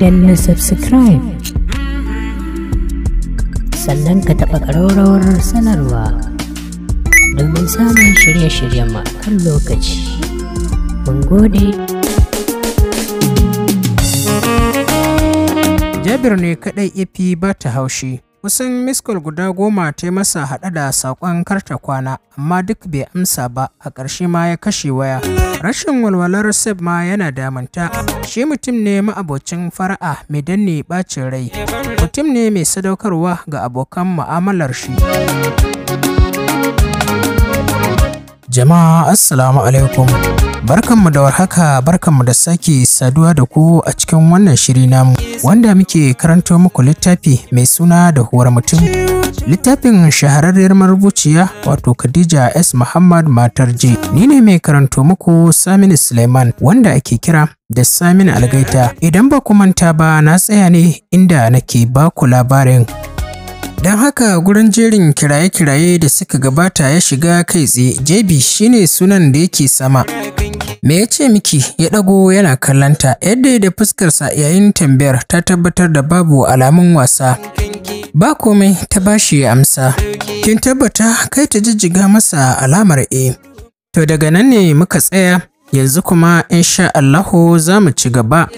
danna subscribe sannan ka taɓa ƙararrawar sanarwa domin samun shirye-shiryen kan lokaci mun gode jabir ne kaɗai ifi fi ba ta haushi kusan miskol guda goma ta yi masa haɗa da saƙon karta kwana amma duk bai amsa ba a ƙarshe ma ya kashe waya Rashin walwalar Sef ma yana damunta. Shi mutum ne ma'abocin fara'a mai danne bacin rai. Mutum ne mai sadaukarwa ga abokan mu'amalar shi. Jama'a Assalamu alaikum. Barkanmu da warhaka, barkanmu da sake saduwa da ku a cikin wannan shiri namu wanda muke karanto muku littafi mai suna da huwar mutum. littafin shahararriyar marubuciya wato Khadija S. Muhammad Matar J. Ni ne mai karanto muku Saminu Suleiman wanda ake kira da Saminu Algaita. Idan ba ku manta ba na tsaya ne inda nake ba ku labarin Don haka gurin jerin kiraye-kiraye da suka gabata ya shiga kai tsaye, Jebi shine sunan da yake sama. Me ya ce miki ya ɗago yana kallanta yadda da fuskarsa yayin tambayar ta tabbatar da babu alamun wasa. Ba komai ta bashi ya amsa. Kin tabbata kai ta jijjiga masa alamar E. To daga nan ne muka tsaya yanzu kuma insha Allahu za mu ci gaba.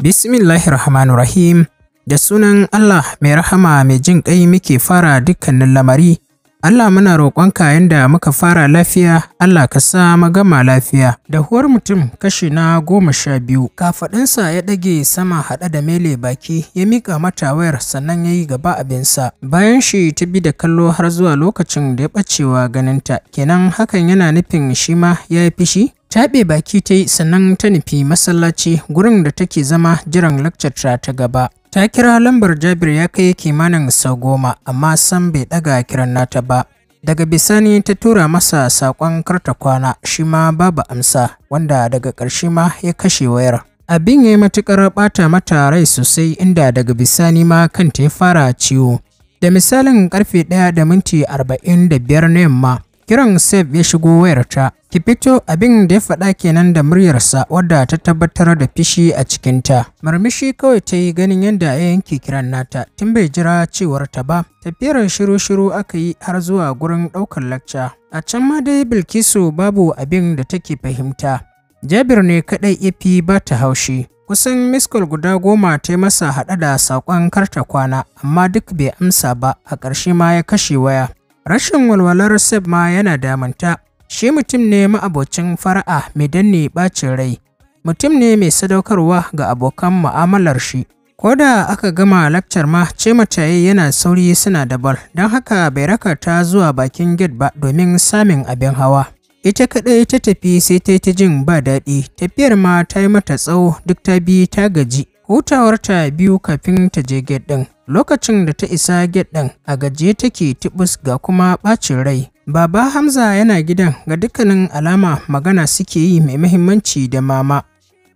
Bismillahirrahmanirrahim. Da sunan Allah mai rahama mai jin ƙai muke fara dukkanin lamari Allah muna roƙonka yanda muka fara lafiya, Allah ka sa magama lafiya. Dahuwar mutum kashi na goma sha biyu. Kafaɗinsa ya ɗage sama haɗa da mele baki ya mika mata wayar sannan ya yi gaba abinsa. Bayan shi ta bi da kallo har zuwa lokacin da ya ɓacewa ganinta. Kenan hakan yana nufin shi ma ya yi fishi? taɓe baki ta yi sannan ta nufi masallaci gurin da take zama jiran lakcatra ta gaba Ta kira lambar Jabir ya kai kimanin sau goma amma san bai ɗaga kiran nata ba. Daga bisani ta tura masa saƙon karta kwana shi ma babu amsa wanda daga ƙarshe ma ya kashe wayar. Abin ya yi matuƙar ɓata mata rai sosai inda daga bisani ma kanta ya fara ciwo. Da misalin ƙarfe ɗaya da minti arba'in da biyar na yamma kiran sef ya shigo wayarta. Ki fito abin da ya faɗa kenan da muryarsa wadda ta tabbatar da fishi a cikinta. Marmishi kawai ta yi ganin yadda ya yanke kiran nata tun bai jira cewar ta ba. Tafiyar shiru-shiru aka yi har zuwa gurin ɗaukar lacca. A can ma dai Bilkisu babu abin da take fahimta. Jabir ne kaɗai ya ba ta haushi. Kusan miskol guda goma ta masa haɗa da saƙon karta kwana, amma duk bai amsa ba, a ƙarshe ma ya kashe waya. Rashin walwalar Seb ma yana damunta, shi mutum ne ma'abocin fara'a mai danne bacin rai, mutum ne mai sadaukarwa ga abokan mu'amalar shi. Ko da aka gama lakcar ma ce mataye yana sauri suna da don haka bai raka ta zuwa bakin gate ba domin samun abin hawa. Ita kaɗai ta tafi sai ta yi ta jin ba daɗi, tafiyar ma ta yi mata tsawo duk ta bi ta gaji, hutawarta biyu kafin ta je gate ɗin. lokacin da ta isa get ɗin a gaje take tibus ga kuma ɓacin rai baba hamza yana gidan ga dukkanin alama magana suke yi mai muhimmanci da mama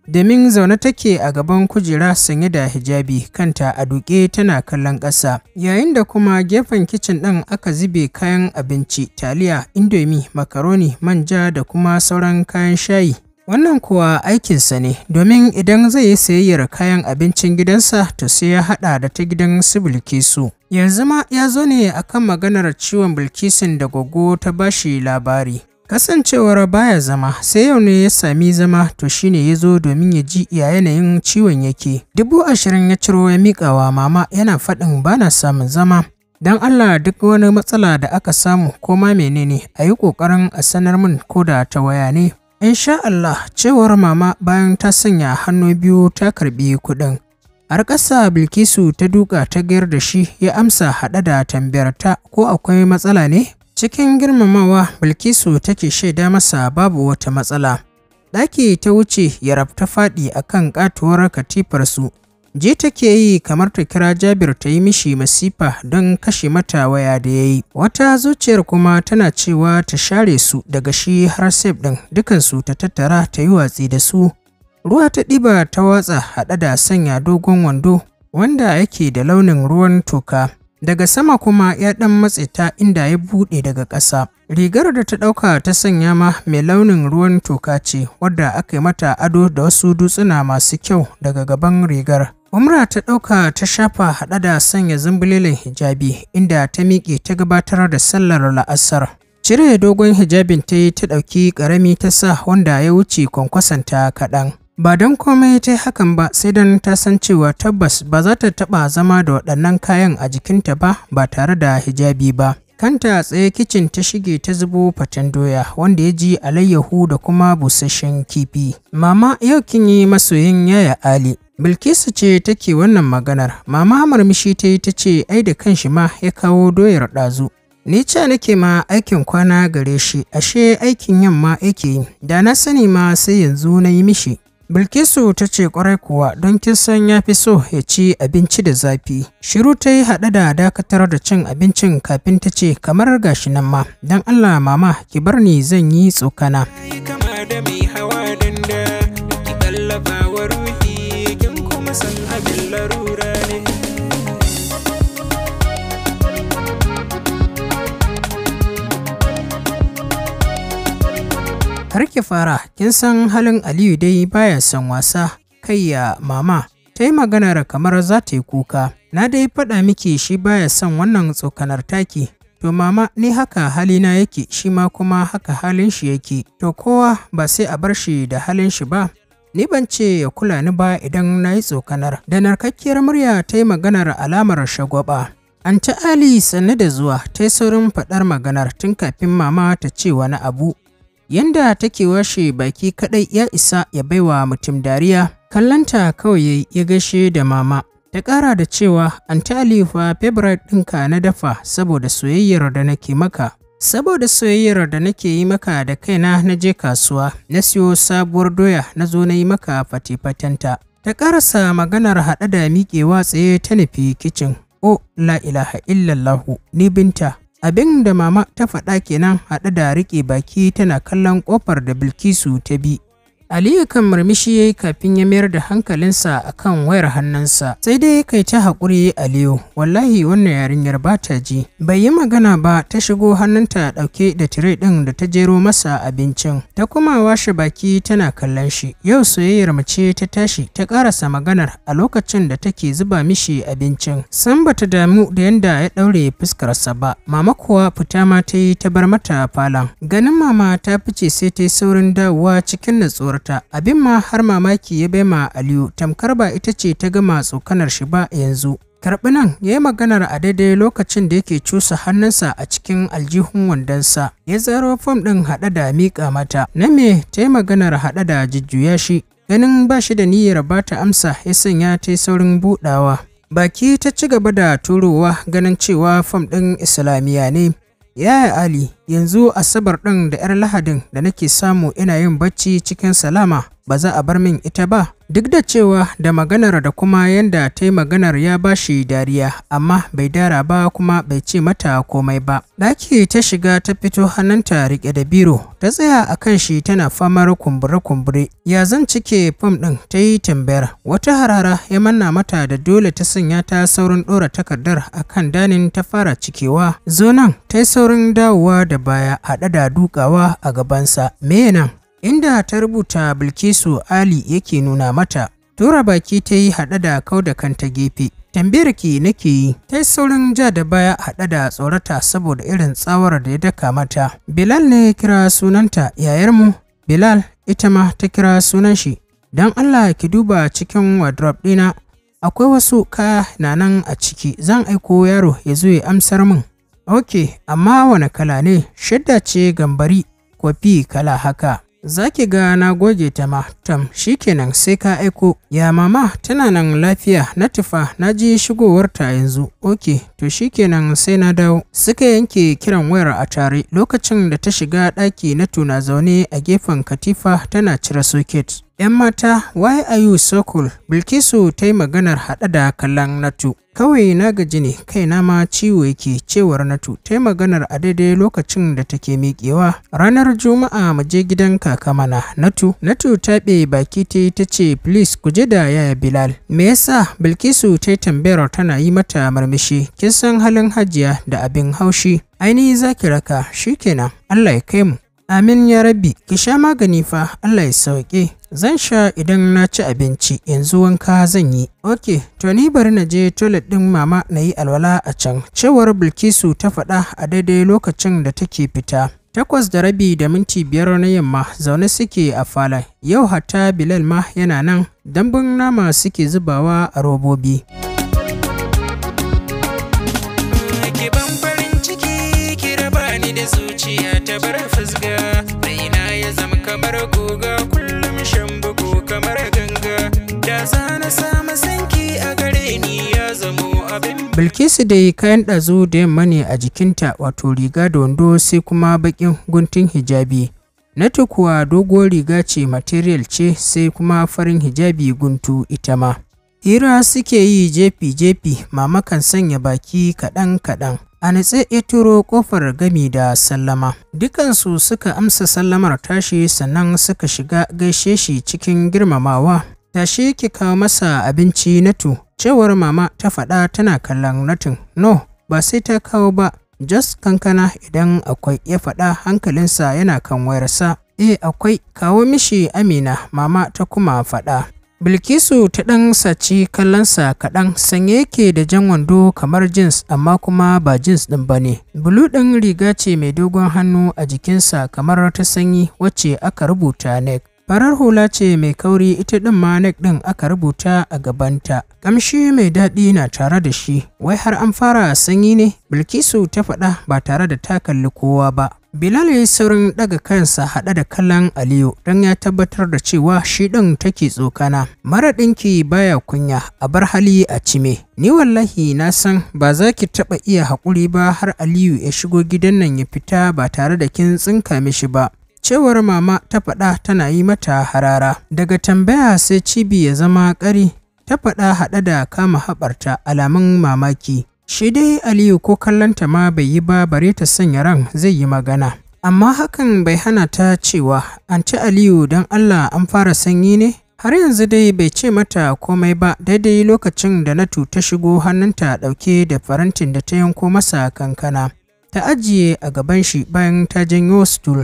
Domin zaune take a gaban kujera sanye da hijabi kanta a duƙe tana kallon ƙasa yayin da kuma gefen kicin ɗin aka zube kayan abinci taliya indomi makaroni manja da kuma sauran kayan shayi Wannan kuwa aikinsa ne, domin idan zai yi sayayyar kayan abincin gidansa to sai ya haɗa da ta gidan su Bilkisu. Yanzu ma ya zo ne a kan maganar ciwon Bilkisun da Goggo ta bashi labari. Kasancewar baya zama sai yau ne ya sami zama to shine ya zo domin ya ji iya yanayin ciwon yake. Dubu ashirin ya ciro ya miƙa wa mama yana faɗin bana samun zama. Don Allah duk wani matsala da aka samu ko ma menene a yi ƙoƙarin a sanar min ko da ta waya ne. Insha Allah cewar mama bayan ta sanya hannu biyu ta karɓi kuɗin. Har ƙasa Bilkisu ta duka ta gayar da shi ya amsa haɗa da tambayar ta ko akwai matsala ne? Cikin girmamawa Bilkisu take shaida masa babu wata matsala. Ɗaki ta wuce ya rabta faɗi akan ƙatuwar su. je take yi kamar ta kira jabir ta yi mishi masifa don kashe mata waya da ya yi wata zuciyar kuma tana cewa ta share su daga shi har sef ɗin dukansu ta tattara ta yi watsi da su ruwa ta ɗiba ta watsa haɗa da sanya dogon wando wanda yake da launin ruwan toka daga sama kuma ya ɗan matse ta inda ya buɗe daga ƙasa rigar da ta ɗauka ta sanya ma mai launin ruwan toka ce wadda aka yi mata ado da wasu dutsuna masu kyau daga gaban rigar Umra ta ɗauka ta shafa haɗa da sanya zambulilin hijabi inda ta miƙe ta gabatar da sallar la'asar. Cire dogon hijabin ta yi ta ɗauki ƙarami ta sa wanda ya wuce kwankwasanta kaɗan. Ba don komai ta hakan ba sai don ta san cewa tabbas ba za ta taɓa zama da waɗannan kayan a jikinta ba ba tare da hijabi ba. Kanta tsaye kicin ta shige ta zubo faten doya wanda ya ji alayyahu da kuma busasshen kifi. Mama yau kin yi masoyin yaya Ali Bilkisu ce take wannan maganar, mama marmishi ta yi ta ce ai da kanshi ma ya kawo doyar ɗazu. Ni ce nake ma aikin kwana gare shi, ashe aikin yamma yake yi, da na sani ma sai yanzu na yi mishi. Bilkisu ta ce ƙwarai kuwa don kin san ya fi so ya ci abinci da zafi. Shiru ta yi haɗe da dakatar da cin abincin kafin ta ce kamar gashi nan ma, don Allah mama ki bar ni zan yi tsokana. san abin larura ne Harke fara, kin san halin Aliyu dai baya son wasa, kai ya mama, ta yi maganar kamar za ta yi kuka. Na dai faɗa miki shi baya son wannan tsokanar taki, To mama ni haka halina yake shi ma kuma haka halin shi yake. To kowa ba sai a bar shi da halin shi ba. Ni ban ce ya kula ni ba idan na yi tsokanar. Da narkakkiyar murya ta yi maganar alamar shagwaba. Anti Ali sanne da zuwa ta yi saurin faɗar maganar tun kafin mama ta ce wani abu. Yanda take washe baki kaɗai ya isa ya baiwa mutum dariya, kallanta kawai ya gaishe da mama. Ta ƙara da cewa, an Ali fa favorite ɗinka na dafa saboda soyayyar da nake maka. Saboda soyayyar da nake yi maka da kaina na je kasuwa, na siyo sabuwar doya na zo na yi maka fate Ta ƙarasa maganar haɗa da miƙewa tsaye ta nufi kicin. O oh, la ilaha illallahu ni binta. Abin da mama ta faɗa kenan haɗa da riƙe baki tana kallon ƙofar da Bilkisu ta bi Aliyu kan murmushi ya kafin ya mayar da hankalinsa akan wayar hannunsa. Sai dai kai ta haƙuri Aliyu, wallahi wannan yarinyar ba ta ji. Bai yi magana ba ta shigo hannunta ɗauke da tire ɗin da ta jero masa abincin. Ta kuma washe baki tana kallon shi. Yau soyayyar mace ta tashi ta ƙarasa maganar a lokacin da take zuba mishi abincin. san bata damu da yanda ya ɗaure fuskarsa ba. Mama kuwa fita ma ta yi ta bar mata falon. Ganin mama ta fice sai ta yi saurin dawowa cikin natsuwa. abin ma har mamaki ya bai ma aliyu tamkar ba ita ce ta gama tsokanar shi ba yanzu karɓi nan ya yi maganar a daidai lokacin da yake cusa hannunsa a cikin aljihun wandonsa ya zaro fom ɗin haɗe da miƙa mata na me ta yi maganar haɗe da jujjuya shi ganin ba shi da niyyar ba ta amsa ya sanya ta yi saurin buɗawa baki ta ci gaba da turowa ganin cewa fom ɗin islamiyya ne yaya ali Yanzu Asabar ɗin da 'yar Lahadin da nake samu ina yin bacci cikin salama ba za a bar min ita ba. Duk da cewa da maganar da kuma yanda ta yi maganar ya ba shi dariya, amma bai dara ba kuma bai ce mata komai ba. Ɗaki ta shiga ta fito hannunta riƙe da biro, ta tsaya a kan shi tana famar kumbure-kumbure. Ya zan cike fom ɗin ta yi tambayar, wata harara ya manna mata da dole ta sanya ta saurin ɗora takardar a kan danin ta fara cikewa. Zo nan ta yi saurin dawowa da da baya haɗe da dukawa a gabansa meyanan. inda ta rubuta bilkisu ali yake nuna mata tura baki ta yi haɗe da kau da kanta gefe tambayar ki nake yi ta saurin ja da baya haɗe da tsorata saboda irin tsawar da ya daka mata bilal ne ya kira sunanta yayar mu. bilal ita ma ta kira sunan shi don allah ki duba cikin wardrobe ɗina akwai wasu kaya na nan a ciki zan aiko yaro ya zo ya amsar min Ok, amma wane kala ne? Shadda ce gambari, kofi kala haka. zaki ga na goge ta ma, tam kenan sai ka aiko. Ya mama tana nan lafiya na tufa na ji shigowarta yanzu. Ok, to shi kenan sai na dawo. Suka yanke kiran wayar a tare lokacin da ta shiga ɗaki na tuna zaune a gefen katifa tana cire soket. ‘Yan mata, why are you so Bilkisu ta yi maganar haɗa da kallon Natu. Kawai na gaji ne kaina ma ciwo yake cewar Natu ta maganar a daidai lokacin da take miƙewa. Ranar Juma'a mu je gidan kaka mana Natu. Natu ta ɓe baki ta yi ta ce please ku je da yaya Bilal. Me yasa Bilkisu ta yi tambayar tana yi mata marmishi kin san halin hajiya da abin haushi. Ainihi zaki raka shi kenan Allah ya kai mu. Amin ya Rabi! ki sha magani fa, Allah ya sauke. Zan sha idan na ci abinci, yanzu wanka zan yi. Ok, to ni bari na je toilet ɗin mama na yi alwala a can. Cewar Bilkisu ta faɗa a daidai lokacin da take fita. Takwas da rabi da minti biyar na yamma zaune suke a falon. Yau hatta Bilal ma yana nan, dambun nama suke zubawa a robobi. kamar guga kullum shan bugu kamar ganga da zana samu sanki a gare ya zamo abin bilkisu kayan ɗazu da yamma ne a jikinta wato riga da wando sai kuma baƙin guntun hijabi na kuwa doguwar riga ce material ce sai kuma farin hijabi guntu ita ma Hira suke yi jefi-jefi, mama kan sanya baki kaɗan-kaɗan. A nitse ya turo ƙofar gami da sallama. Dukansu suka amsa sallamar tashi sannan suka shiga gaishe shi cikin girmamawa. Tashi ki kawo masa abinci natu, cewar mama ta faɗa tana kallon natin. No, ba sai ta kawo ba, jos kankana idan akwai ya faɗa hankalinsa yana kan wayarsa. Eh akwai, kawo mishi Amina, mama ta kuma faɗa. Bilkisu ta ɗan saci kallonsa kaɗan sanye yake da jan wando kamar jins amma kuma ba jins ɗin ba ne. Bulu ɗin riga ce mai dogon hannu a jikinsa kamar ta sanyi wacce aka rubuta nek. Farar hula ce mai kauri ita ɗin ma nek ɗin aka rubuta a gabanta. Kamshi mai daɗi na tare da shi, wai har an fara sanyi ne? Bilkisu ta faɗa ba tare da ta kalli kowa ba. Bilal ya yi saurin ɗaga kansa haɗe da kallon Aliyu don ya tabbatar da cewa shi ɗin take tsokana. Mara ɗinki baya kunya, a bar hali a cime. Ni wallahi na san ba za ki taɓa iya haƙuri ba har Aliyu ya shigo gidan nan ya fita ba tare da kin tsinka mishi ba. Cewar mama ta faɗa tana yi mata harara. Daga tambaya sai cibi ya zama ƙari, ta faɗa haɗe da kama haɓarta alamun mamaki. Shi dai Aliyu ko kallonta ma bai yi ba bare ta sanya ran zai yi magana. Amma hakan bai hana ta cewa, an ci Aliyu don Allah an fara sanyi ne? Har yanzu dai bai ce mata komai ba daidai lokacin da Natu ta shigo hannunta ɗauke da farantin da ta yanko masa kankana. Ta ajiye a gaban shi bayan ta janyo stool.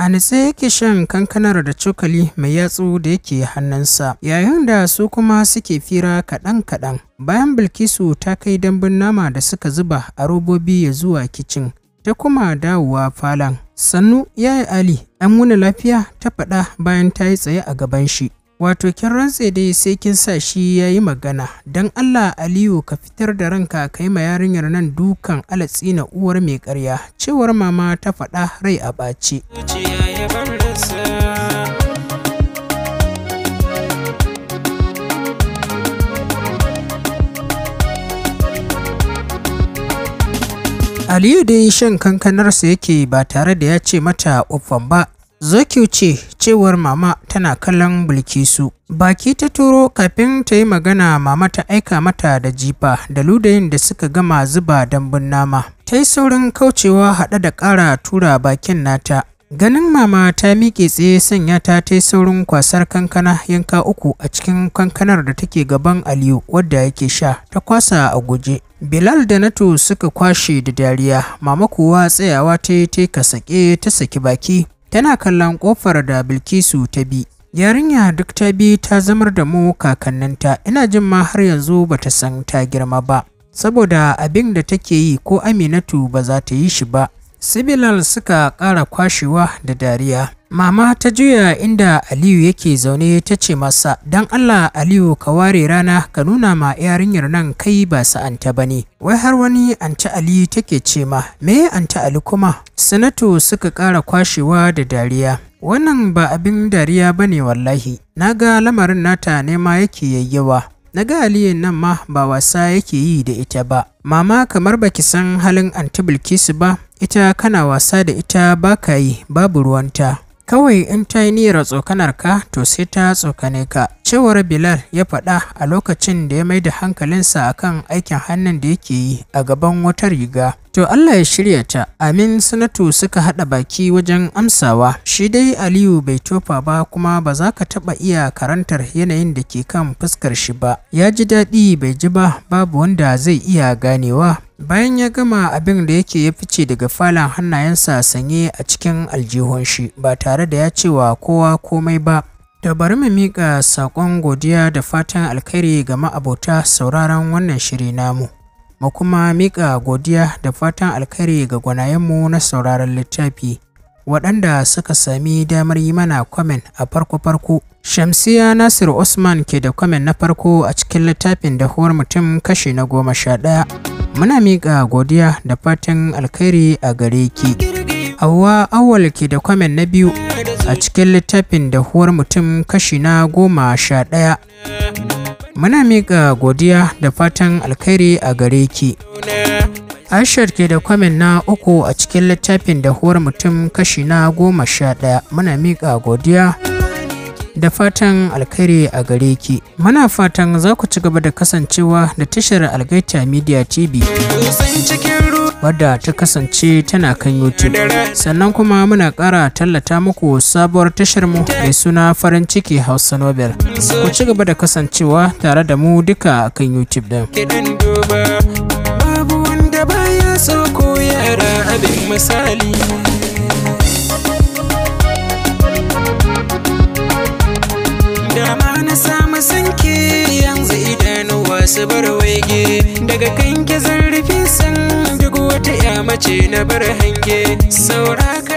A natse yake shan kankanar da cokali mai yatsu da yake hannunsa, yayin da su kuma suke fira kaɗan-kaɗan. Bayan Bilkisu ta kai dambun nama da suka zuba a robobi ya zuwa kicin, ta kuma dawowa falon. Sannu, ya yi Ali, an wuni lafiya ta faɗa bayan ta yi tsaye a gaban shi. wato kin rantse dai sai kin sa shi ya yi magana don allah aliyu ka fitar da ranka ka yi ma yarinyar nan dukan alatsi na uwar mai karya cewar mama ta faɗa rai a ɓace Aliyu dai shan kankanarsa yake ba tare da ya ce mata uffan ba Zoki ce, cewar mama tana kallon Bilkisu. Baki ta turo kafin ta yi magana mama ta aika mata da jifa da ludayin da suka gama zuba dambun nama. Ta yi saurin kaucewa haɗe da ƙara tura bakin nata. Ganin mama ta miƙe tsaye sanya ta ta yi saurin kwasar kankana yanka uku a cikin kankanar da take gaban Aliyu wadda yake sha ta kwasa a guje. Bilal da Nato suka kwashe da dariya, mama kuwa tsayawa ta ta kasake ta saki baki. tana kallon ƙofar da bilkisu ta bi yarinya duk ta bi ta zamar da mu kakanninta ina jin ma har yanzu bata san ta girma ba saboda abin da take yi ko aminatu ba za ta yi shi ba sibilal suka ƙara kwashewa da dariya Mama ta juya inda Aliyu yake zaune ta ce masa, dan Allah Aliyu ka ware rana ka nuna ma yarinyar nan kai ba sa'anta ba ne. Wai har wani anta Ali take ce ma, me anta Ali kuma? Sanato suka ƙara kwashewa da dariya. Wannan ba abin dariya ba ne wallahi, na ga lamarin nata nema yake yayyawa. Na ga Aliyu nan ma ba wasa yake yi da ita ba. Mama kamar baki san halin anti Bilkisu ba, ita kana wasa da ita baka yi babu ruwanta. kawai in ta yi niyyar tsokanar ka to sai ta tsokane ka cewar bilal ya faɗa a lokacin da ya mai da hankalinsa akan aikin hannun da yake yi a gaban wata riga to allah ya shirya ta amin sanatu suka haɗa baki wajen amsawa shi dai aliyu bai tofa ba kuma ba za ka taɓa iya karantar yanayin da ke kan fuskar shi ba ya ji daɗi bai ji ba babu wanda zai iya ganewa bayan ya gama abin da yake ya fice daga falon hannayensa sanye a cikin aljihun shi ba tare da ya ce wa kowa komai ba da bari mu miƙa saƙon godiya da fatan alkhairi ga ma'abota sauraron wannan shiri namu mu kuma miƙa godiya da fatan alkhairi ga gwanayenmu na sauraron littafi waɗanda suka sami damar yi mana kwamen a farko-farko. Shamsiya Nasiru Usman ke da kwamen na farko a cikin littafin dahuwar mutum kashi na goma sha ɗaya. Muna miƙa godiya da fatan alkhairi a gare ki. Hauwa Awal ke da kwamen na biyu a cikin littafin dahuwar mutum kashi na goma sha ɗaya. Muna miƙa godiya da fatan alkhairi a gare ki. Ashar ke da kwamin na uku a cikin littafin da huwar mutum kashi na goma sha ɗaya muna miƙa godiya da fatan alkhairi a gare ki. Muna fatan za ku ci gaba da kasancewa da tashar Algaita Media TV. wadda ta kasance tana kan YouTube. Sannan kuma muna ƙara tallata muku sabuwar tashar mu mai suna farin ciki Hausa Nobel. Ku ci gaba da kasancewa tare da mu duka kan YouTube ɗin. abin misali dama na samu sanke yanzu idanuwa su bar waige daga kanke zarrafi san duk wata ya mace na bar hange saura